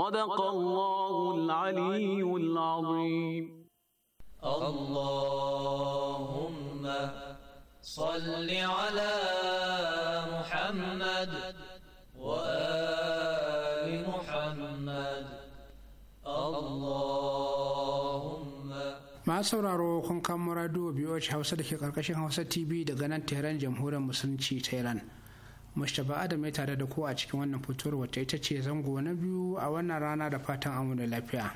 صدق الله العلي العظيم اللهم صل على محمد وآل محمد اللهم ma sauraro kun kan murado biyu hausa dake ke karkashin hausa tv daga nan tehran jamhuriyar musulunci ta Mustapha Adam ya tare da kowa a cikin wannan fitowar wacce ita ce zango na biyu a wannan rana da fatan amu da lafiya.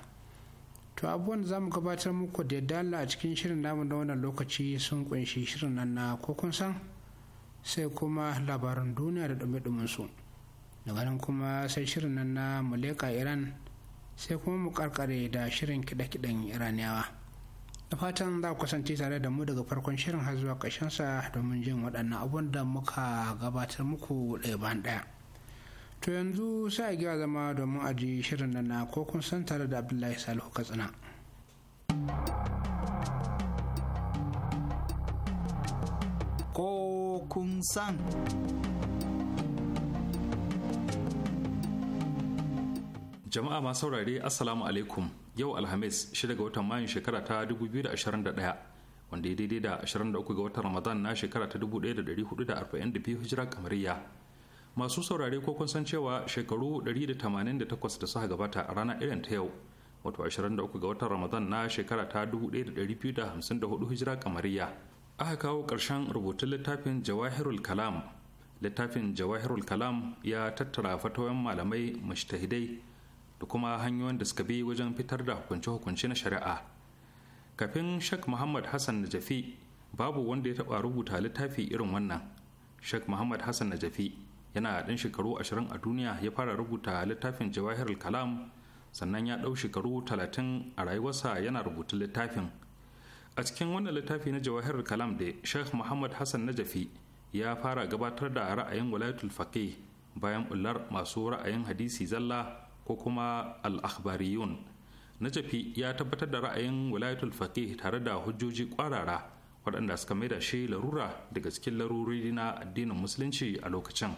To abubuwan da za mu gabatar muku da yadda Allah a cikin shirin namu na wannan lokaci sun kunshi shirin nan na kokon san sai kuma labaran duniya da dumi su. Daga nan kuma sai shirin nan na Muleka Iran sai kuma mu karkare da shirin kiɗe-kiɗen Iraniyawa. da fatan za ku kasance tare da mu daga farkon shirin har zuwa sa domin jin waɗannan abun da muka gabatar muku ɗaya bayan ɗaya to yanzu sai a zama domin aji shirin nan na ko kun san tare da abdullahi salihu katsina ko kun san jama'a masu saurare assalamu alaikum yau alhamis 6 ga watan mayun shekara ta 2021 wanda ya daidai da 23 ga watan ramadan na shekara ta 1442 hijira kamariya masu saurare ko kun san cewa shekaru 188 da suka gabata a rana irin ta yau wato 23 ga watan ramadan na shekara ta 1254 hijira kamariya aka kawo ƙarshen rubutun littafin jawahirul kalam littafin jawahirul kalam ya tattara fatawayen malamai mashtahidai da kuma hanyoyin da suka bi wajen fitar da hukunce-hukunce na shari'a kafin shak muhammad hassan najafi babu wanda ya taɓa rubuta littafi irin wannan shak muhammad hassan najafi yana ɗan shekaru ashirin a duniya ya fara rubuta littafin jawahir kalam sannan ya ɗau shekaru talatin a rayuwarsa yana rubuta littafin a cikin wannan littafi na jawahir kalam da shek muhammad hassan najafi ya fara gabatar da ra'ayin walayatul faqih bayan ular masu ra'ayin hadisi zalla ko kuma al na najafi ya tabbatar da ra'ayin wilayatul faqih tare da hujjoji kwarara waɗanda suka maida shi larura daga cikin larurori na addinin musulunci a lokacin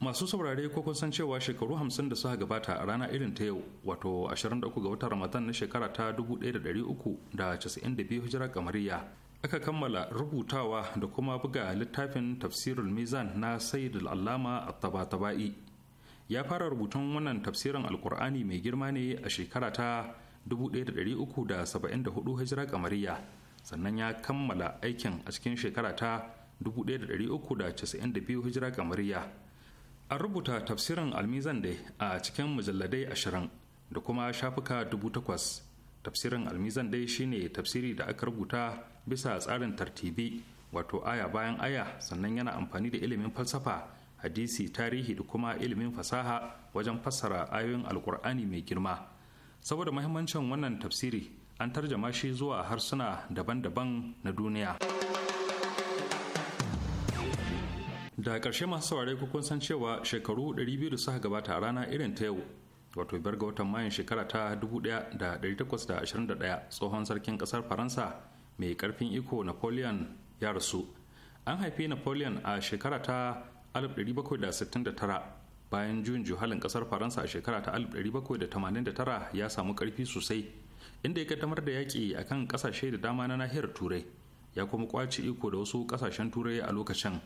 masu saurare ko kun san cewa shekaru 50 da suka gabata a rana irin ta yau wato 23 ga watan ramadan na shekara ta 1392 hijira kamariya aka kammala rubutawa da kuma buga littafin tafsirul mizan na sayyid al'allama a tabatabai ya fara rubutun wannan tafsirin alkur'ani mai girma ne a shekara ta 1374 hijira kamariya sannan ya kammala aikin a cikin shekara ta 1392 hijira kamariya an rubuta tafsirin almizan da a cikin mujalladai ashirin da kuma shafuka dubu takwas tafsirin almizan dai shine tafsiri da aka rubuta bisa tsarin tartibi wato aya bayan aya sannan yana amfani da ilimin falsafa hadisi tarihi da kuma ilimin fasaha wajen fassara ayoyin alkur'ani mai girma saboda mahimmancin wannan tafsiri an tarjama shi zuwa harsuna daban-daban na duniya da ƙarshe masu saurare kun san cewa shekaru 200 da suka gabata rana irin ta yau wato biyar ga watan mayun shekara ta 1821 tsohon sarkin kasar faransa mai karfin iko napoleon ya rasu an haifi napoleon a shekara ta 1769 bayan juyin juhalin kasar faransa a shekara ta 1789 ya samu karfi sosai inda ya kaddamar da yaƙi a kan ƙasashe da dama na nahiyar turai ya kuma kwaci iko da wasu ƙasashen turai a lokacin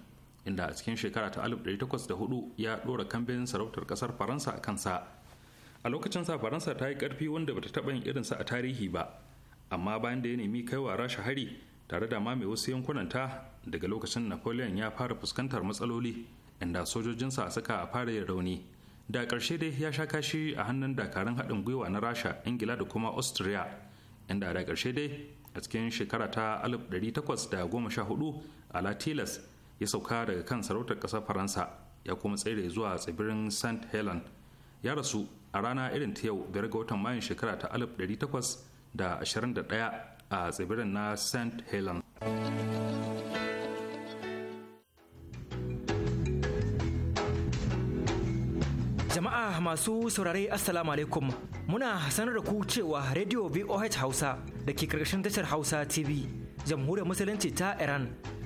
inda a cikin shekara ta 1804 ya ɗora kambin sarautar ƙasar faransa a kansa a lokacin sa faransa ta yi karfi wanda bata taɓa yin irinsa a tarihi ba amma bayan da ya nemi kaiwa rasha hari tare da mame wasu yankunanta daga lokacin napoleon ya fara fuskantar matsaloli inda sojojinsa suka fara yin rauni da ƙarshe dai ya sha kashi a hannun dakarun haɗin gwiwa na rasha ingila da kuma austria inda da ƙarshe dai a cikin shekara ta 1814 a latilas ya sauka daga kan sarautar ƙasar faransa ya kuma tsere zuwa tsibirin st helen ya rasu a rana irin ta yau biyar ga watan mayun shekara ta 1821 a tsibirin na st helen jama'a masu saurare assalamu alaikum muna sanar da ku cewa radio voh hausa da ke karkashin tashar hausa tv jamhuriyar musulunci ta iran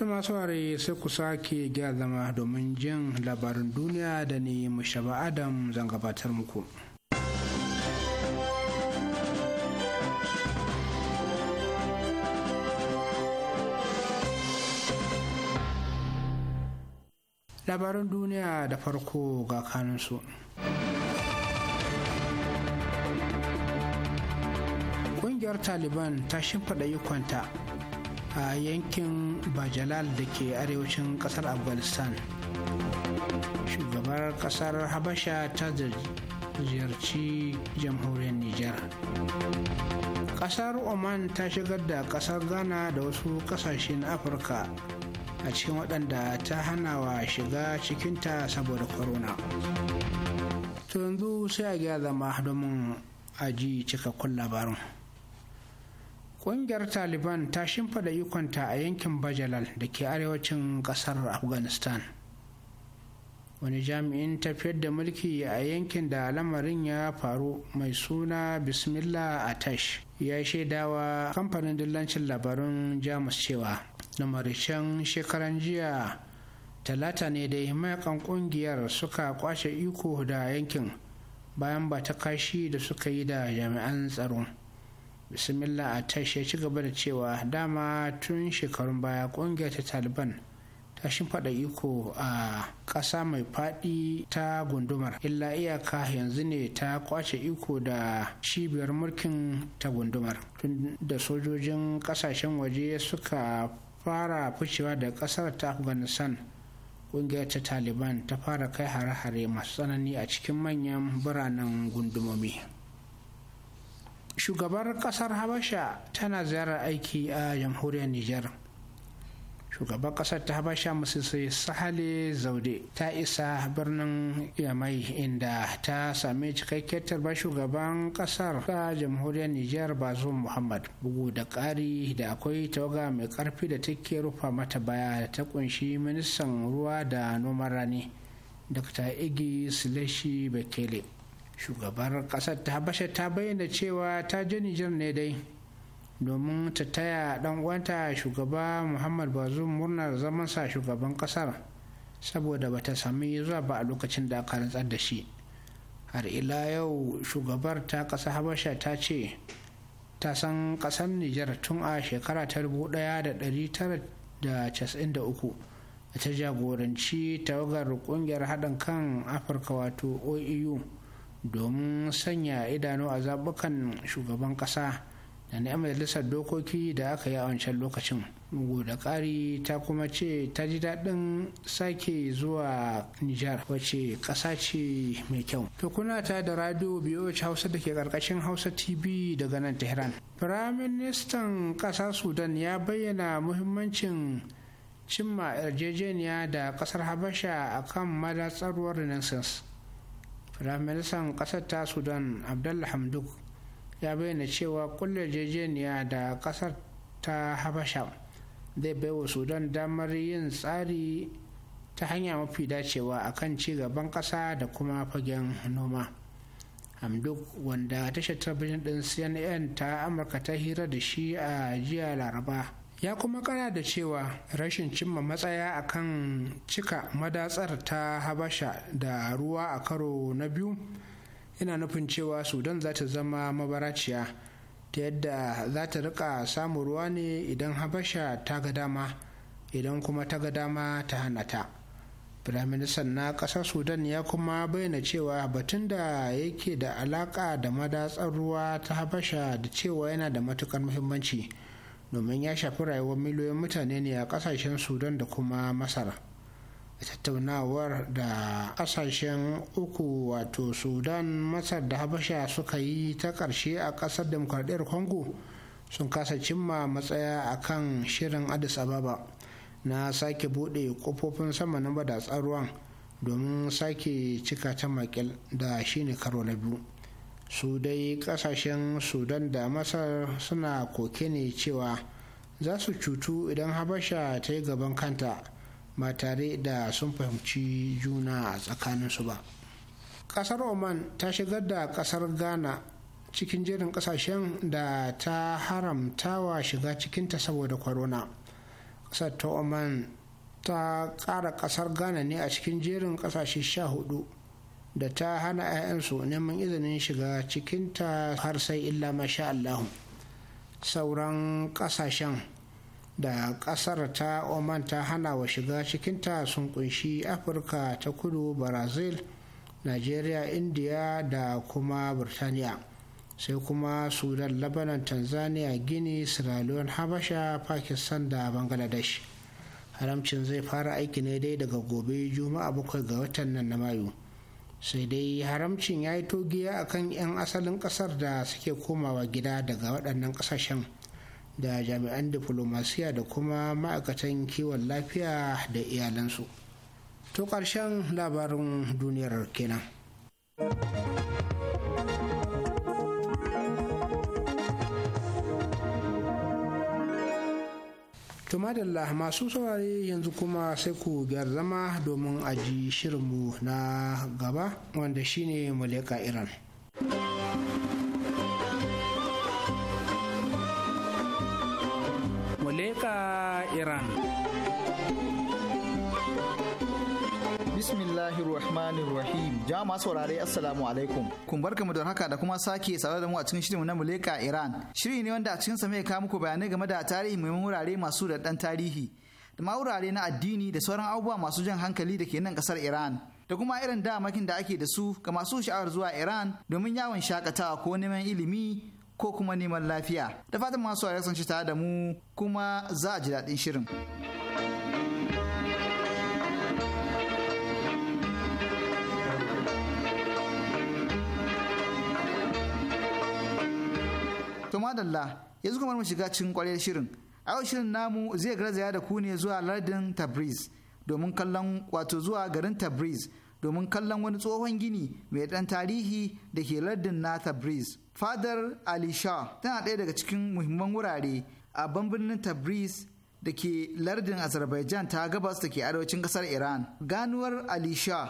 ta masu ware sai ku sake gyara zama domin jin labarin duniya da ne mushaba adam zan gabatar muku labarin duniya da farko ga kanunsu ƙungiyar taliban ta shimfiɗa ikonta a yankin bajalal da ke arewacin kasar afghanistan shugabar kasar habasha ta ziyarci jamhuriyar niger kasar oman ta shigar da kasar ghana da wasu kasashen afirka a cikin waɗanda ta hana wa shiga cikinta saboda corona to yanzu sai a gyara zama domin aji cikakkun labarin ƙungiyar taliban ta shimfida ikonta a yankin bajalal da ke arewacin ƙasar afghanistan wani jami'in tafiyar da mulki a yankin da lamarin ya faru mai suna bismillah atash ya shaidawa kamfanin dillancin labarun jamus cewa na marishan shekaran jiya talata ne da mayakan ƙungiyar suka kwashe iko da yankin bayan ba ta kashi da suka yi da jami'an tsaro bismillah a ya ci gaba da cewa dama tun shekarun baya kungiyar ta taliban ta shimfaɗa iko a ƙasa mai faɗi ta gundumar illa iyaka yanzu ne ta kwace iko da cibiyar mulkin ta gundumar tun da sojojin ƙasashen waje suka fara ficewa da ƙasar ta afghanistan kungiyar ta taliban ta fara kai hare-hare masu tsanani a cikin manyan biranen gundumomi. shugabar kasar habasha tana ziyarar aiki a jamhuriyar Nijar. shugabar kasar ta habasha musisi sahale zaude ta isa birnin yamai inda ta sami cikakkiyar tarbar shugaban kasar ta jamhuriyar nijar bazum muhammad bugu da ƙari da akwai tawaga mai ƙarfi da take rufa mata baya ta kunshi ministan ruwa da noman rani dr igi sileshi bekele shugabar kasar ta habasha ta bayyana cewa ta je nijar ne dai domin ta taya dan uwanta shugaba muhammad bazoum murnar zamansa shugaban kasar saboda bata sami zuwa ba a lokacin da aka rantsar da shi har ila yau shugabar ta kasa habasha ta ce ta san kasar nijar tun a shekara ta a ta jagoranci tawagar kungiyar haɗin kan afirka wato oeu domin sanya idanu a zabukan shugaban ƙasa da na majalisar dokoki da aka yi a wancan lokacin bugu da ƙari ta kuma ce ta ji daɗin sake zuwa nijar wace ƙasa ce mai kyau to kuna ta da radio biyu hausa da ke ƙarƙashin hausa tv daga nan tehran firaministan ƙasa sudan ya bayyana muhimmancin cimma yarjejeniya da ƙasar habasha akan madatsarwar renaissance firaministan kasar ta sudan abdullah hamduk ya bayyana cewa kulle jejeniya da kasar ta habasha zai baiwa sudan damar yin tsari ta hanya mafi dacewa akan ci gaban kasa da kuma fagen noma hamduk wanda tashar talabijin din cnn ta amurka ta hira da shi a jiya laraba ya kuma kara da cewa rashin cimma matsaya akan cika madatsar ta habasha da ruwa a karo na biyu yana nufin cewa sudan za ta zama mabaraciya ta yadda za ta rika samun ruwa ne idan habasha ta ga dama idan kuma ta ga dama ta hana ta firaministan na kasar sudan ya kuma bayyana cewa batun da yake da alaka da madatsar ruwa ta habasha da cewa yana da matukar muhimmanci. domin ya shafi rayuwar miliyoyin mutane ne a kasashen sudan da kuma masar a tattaunawar da kasashen uku wato sudan masar da habasha suka yi ta ƙarshe a ƙasar demokradiyyar congo sun kasa cimma matsaya a kan shirin addis ababa na sake bude kofofin sama na bada ruwan domin sake cika ta makil da shine karo na biyu su dai kasashen sudan da masar suna koke ne cewa za su cutu idan habasha ta yi gaban kanta ba tare da sun fahimci juna a tsakaninsu ba kasar oman ta shigar da kasar ghana cikin jerin kasashen da ta haramtawa shiga cikinta saboda corona kasar ta oman ta kara kasar ghana ne a cikin jerin kasashe sha hudu da ta hana 'ya'yansu neman izinin shiga cikinta har sai illa masha Allahu sauran kasashen da kasar ta oman ta hana wa shiga cikinta sun kunshi afirka ta kudu brazil nigeria india da kuma birtaniya sai kuma sudan labanan tanzania gini sierra habasha pakistan da bangladesh haramcin zai fara aiki ne dai daga gobe juma'a bakwai ga watan nan na mayu sai dai haramcin ya yi togiya a kan 'yan asalin kasar da suke komawa gida daga waɗannan ƙasashen da jami'an diflomasiya da kuma ma'aikatan kiwon lafiya da iyalansu to ƙarshen labarin duniyar kenan to madalla masu saurare yanzu kuma sai ku gyar zama domin aji shirinmu na gaba wanda shine muleka iran muleka iran bismillahir rahmanir rahim jama'a saurare assalamu alaikum kun barka mu da haka da kuma sake saurare da mu a cikin shirin na muleka iran shiri ne wanda a cikin sa mai kawo muku bayanai game da tarihi mai wurare masu da dan tarihi da ma wurare na addini da sauran abubuwa masu jan hankali da ke nan kasar iran da kuma irin damakin da ake da su ga masu sha'awar zuwa iran domin yawon shakatawa ko neman ilimi ko kuma neman lafiya da fatan masu sun ci tare da mu kuma za a ji daɗin shirin. madalla yanzu kamar mu shiga cikin kwarar shirin a yau shirin namu zai garzaya da ku ne zuwa lardin tabriz domin kallon wato zuwa garin tabriz domin kallon wani tsohon gini mai dan tarihi da ke lardin na tabriz fadar ali shah tana ɗaya daga cikin muhimman wurare a birnin tabriz da ke lardin azerbaijan ta gabas da ke arewacin ƙasar iran ganuwar ali shah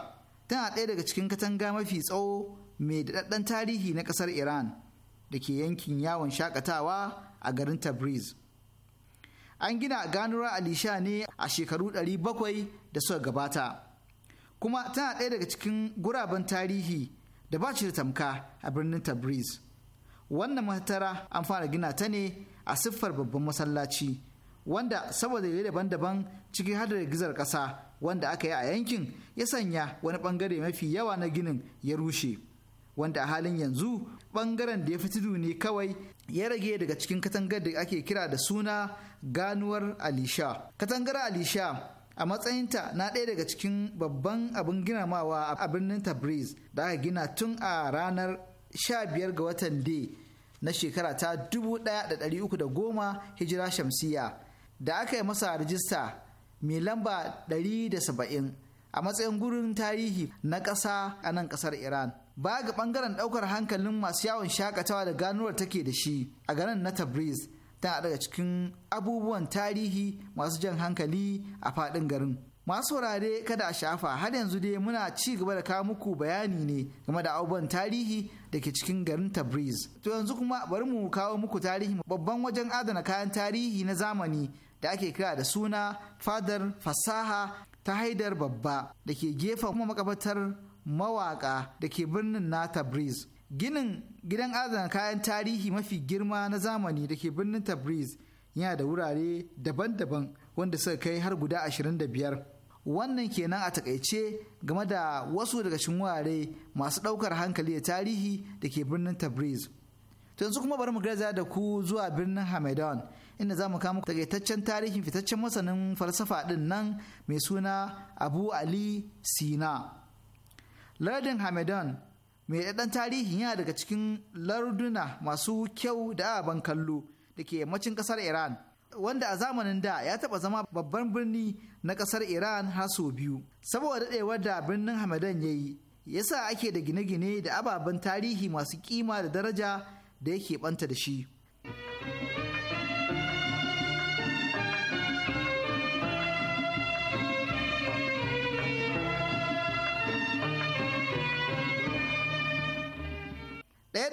tana ɗaya daga cikin katanga mafi tsawo mai daɗaɗɗen tarihi na ƙasar iran da ke yankin yawon shakatawa a garin tabriz an gina ganuwar alisha ne a shekaru 700 da suka gabata kuma tana ɗaya daga cikin guraben tarihi da ba da tamka a birnin tabriz wannan matara an fara gina ta ne a siffar babban masallaci wanda saboda yi daban-daban ciki har da gizar ƙasa wanda aka yi a yankin ya sanya wani ɓangare mafi yawa na ginin ya rushe wanda a halin yanzu bangaren da ya fi tudu ne kawai ya rage daga cikin katangar da ake kira da suna ganuwar alisha katangar alisha a matsayinta na ɗaya daga cikin babban abin ginamawa a birnin tabriz da aka gina tun a ranar 15 ga watan d na shekara ta 1310 hijira shamsiya da aka yi masa rajista mai lamba 170 a matsayin gurin tarihi na ƙasa a nan ƙasar iran baya ga bangaren daukar hankalin masu yawon shakatawa da ganuwar take da shi a garin na tabriz tana daga cikin abubuwan tarihi masu jan hankali a faɗin garin masu wurare kada a shafa har yanzu dai muna ci gaba da kawo muku bayani ne game da abubuwan tarihi da ke cikin garin tabriz to yanzu kuma bari mu kawo muku tarihi babban wajen adana kayan tarihi na zamani da ake kira da suna fadar fasaha ta haidar babba da ke gefen kuma makabatar mawaka da ke birnin na tabriz ginin gidan adana kayan tarihi mafi girma na zamani da ke birnin tabriz yana da wurare daban-daban wanda suka kai har guda da biyar, wannan kenan a takaice game da wasu daga cikin wurare masu ɗaukar hankali da tarihi da ke birnin tabriz yanzu kuma bari mu gaza da ku zuwa birnin hamadan inda za mu kama takaitaccen tarihin fitaccen masanin falsafa ɗin nan mai suna abu ali sina lardin hamadan mai daɗan tarihi yana daga cikin larduna masu kyau da aban kallo da ke yammacin ƙasar iran wanda a zamanin da ya taɓa zama babban birni na ƙasar iran har sau biyu saboda daɗewar da birnin hamadan ya yi ya yasa ake da gine-gine da ababen tarihi masu kima da daraja da yake ɓanta da shi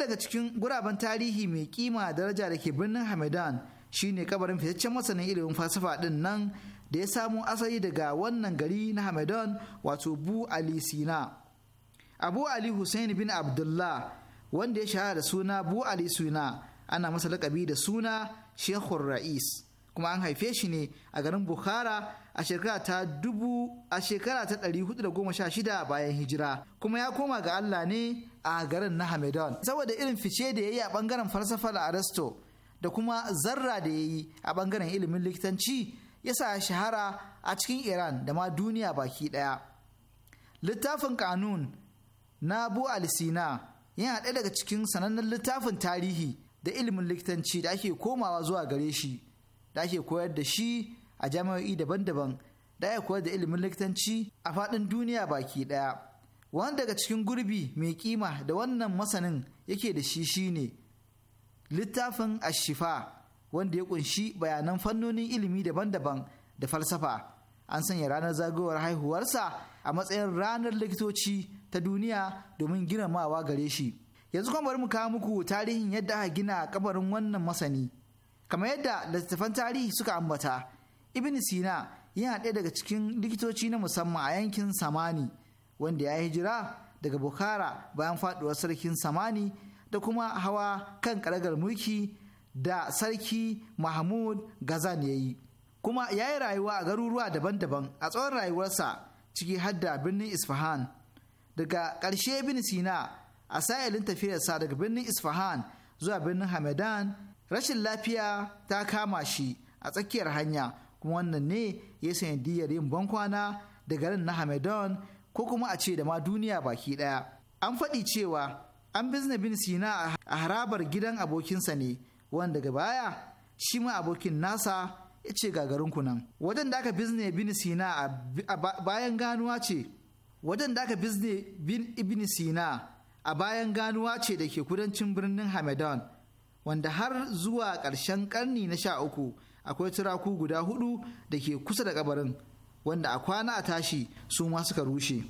daga cikin guraben tarihi mai kima daraja da ke birnin hamadan shine kabarin fitaccen masanin ilimin falsafa din nan da ya samo asali daga wannan gari na hamadan wato bu ali sina abu ali hussein bin abdullah wanda ya shahara da suna bu ali suna ana masa lakabi da suna Shehur ra'is kuma an haife shi ne a garin bukhara a shekara ta dubu a shekara ta ɗari hudu da goma sha shida bayan hijira kuma ya koma ga allah ne a garin na Hamedon. saboda irin fice da ya yi a bangaren falsafa da Aristo da kuma zarra da ya yi a bangaren ilimin likitanci ya sa shahara a cikin iran da ma duniya baki ɗaya littafin kanun na Abu al yana ɗaya daga cikin sanannen littafin tarihi da ilimin likitanci da ake komawa zuwa gare shi da ake koyar da shi a jami'o'i daban-daban da ake koyar da ilimin likitanci a faɗin duniya baki ɗaya wani daga cikin gurbi mai kima da wannan masanin yake da shi shine littafin ashifa wanda ya kunshi bayanan fannonin ilimi daban-daban da falsafa an sanya ranar zagayowar haihuwarsa a matsayin ranar likitoci ta duniya domin gina girmamawa gare shi yanzu kuma bari mu kawo muku tarihin yadda aka gina kabarin wannan masani kamar yadda littattafan tarihi suka ambata ibn sina yana ɗaya daga cikin likitoci na musamman a yankin samani wanda ya yi hijira daga bukhara bayan faɗuwar sarkin samani da kuma hawa kan karagar mulki da sarki mahmud gazan ya yi kuma ya yi rayuwa a garuruwa daban-daban a tsawon rayuwarsa ciki hadda birnin isfahan daga ƙarshe ibn sina a sa'ilin tafiyarsa daga birnin isfahan zuwa birnin hamadan rashin lafiya ta kama shi a tsakiyar hanya kuma wannan ne ya sanadiyar yin bankwana da garin na hamadan ko kuma a ce da ma duniya baki ɗaya an faɗi cewa an bizne bin sina a harabar gidan abokinsa ne wanda ga baya shi ma abokin nasa ya ce gagarin kunan wajen da aka bizne bin sina a bayan ganuwa ce wajen da aka bizne bin sina a bayan ganuwa ce da ke kudancin birnin hamadan wanda har zuwa ƙarshen ƙarni na sha uku akwai turaku guda hudu da ke kusa da kabarin wanda a kwana a tashi su ma suka rushe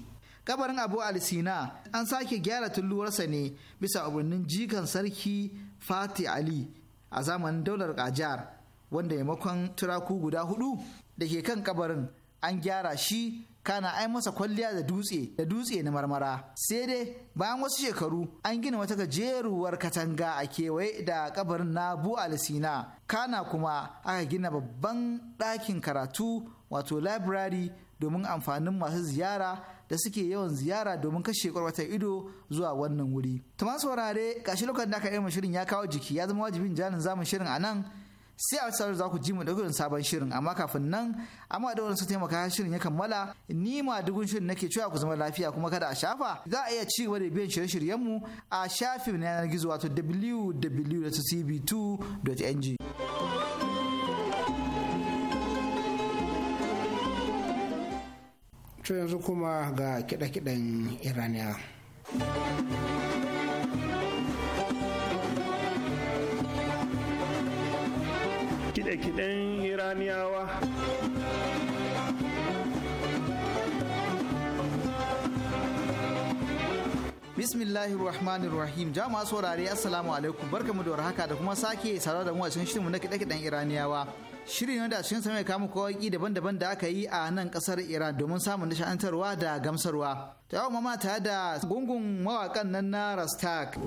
kabarin abu al-sina an sake gyara tulluwarsa ne bisa umarnin jikan sarki fati ali a zamanin daular kajar wanda maimakon turaku guda hudu da ke kan kabarin an gyara shi kana ai masa kwalliya da dutse da dutse na marmara sai dai bayan wasu shekaru an gina wata gajeruwar katanga a kewaye da kabarin na bu alisina kana kuma aka gina babban ɗakin karatu wato library domin amfanin masu ziyara da suke yawan ziyara domin kashe kwarwatar ido zuwa wannan wuri. tuma saurare gashi lokacin da aka yi shirin ya kawo jiki ya zama wajibin janin zamun shirin a nan sai a wata za ku ji mu da sabon shirin amma kafin nan amma da su taimaka shirin ya kammala ni ma dugun shirin nake cewa ku zama lafiya kuma kada a shafa za a iya ci gaba da biyan shirye-shiryen mu a shafin yanar gizo wato wwwcb 2ng To yanzu kuma ga kiɗa kiɗen Iraniya. kiɗe iraniyawa bismillahir rahmanir rahim jama'a saurare assalamu alaikum barkamu da warhaka da kuma sake saurara da mu a cikin mu na kiɗe-kiɗen iraniyawa shirin da cikin sa mai kamu kawaki daban-daban da aka yi a nan kasar iran domin samun nishantarwa da gamsarwa ta yau mama tare da gungun mawakan nan na rastak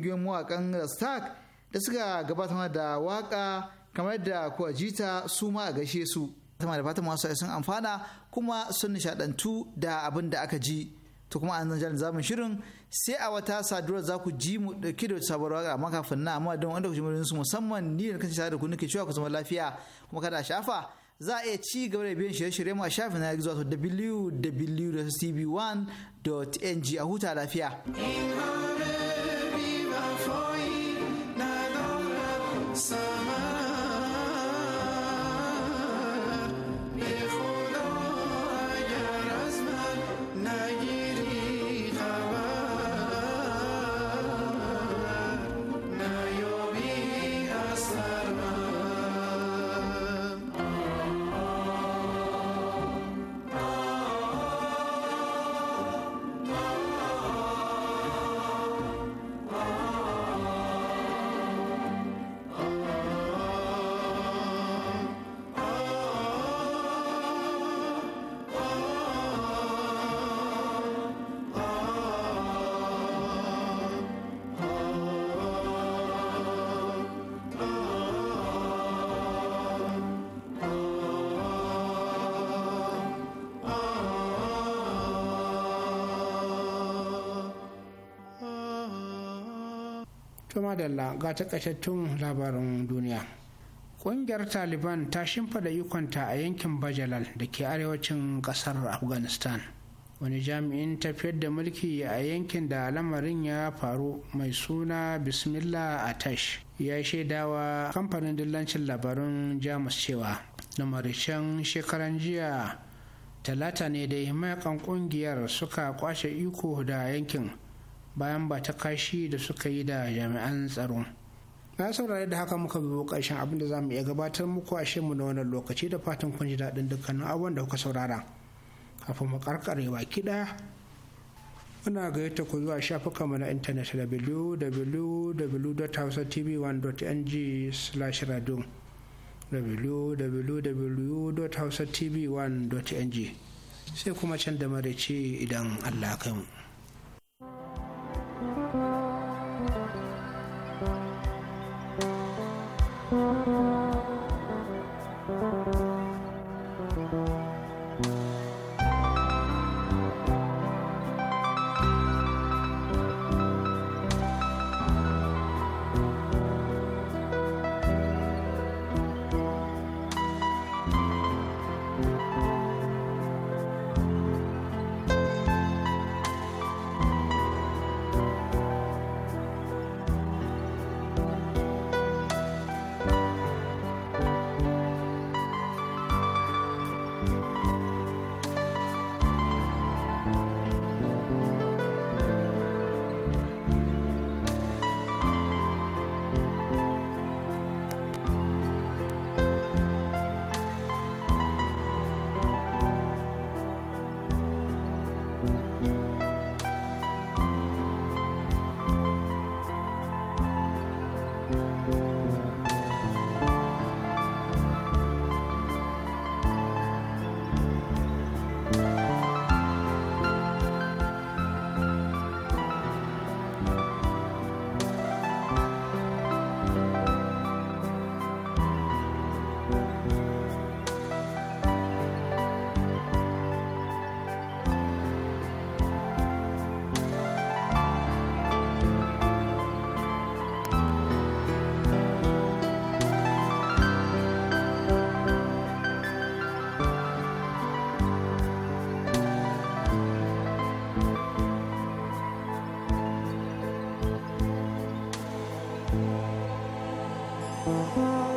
ƙungiyoyin mawakan Rastak da suka gabatar da waka kamar da kuwa jita su ma a gaishe su. Tama da fatan masu sun amfana kuma sun nishadantu da abin da aka ji. To kuma an zanjar zamun shirin sai a wata saduwar za ku ji mu dauke da sabuwar waka amma kafin na amma don wanda ku ji su musamman ni da kanci tare da ku nake cewa ku zama lafiya kuma kada a shafa za a iya ci gaba da biyan shirye-shirye mu a shafin na gizo wato www.tv1.ng a huta lafiya. So To madalla ga takaitattun labarin duniya. Ƙungiyar Taliban ta shimfida ikonta a yankin Bajalal da ke arewacin ƙasar Afghanistan. Wani jami'in tafiyar da mulki a yankin da lamarin ya faru mai suna Bismillah Atash ya shaidawa kamfanin dillancin labarun Jamus cewa lamarishan shekaran jiya talata ne da mayakan kungiyar suka kwashe iko da yankin bayan ba ta kashi da suka yi da jami'an tsaro na saurari da haka muka bi ƙarshen abin da za mu iya gabatar muku a mu na wannan lokaci da fatan kun ji daɗin dukkanin abubuwan da kuka saurara kafin mu karkare baki ɗaya muna gayyata ku zuwa mu na intanet www.hausatv1.ng/radio www.hausatv1.ng sai kuma can da mara idan allah kai mu Música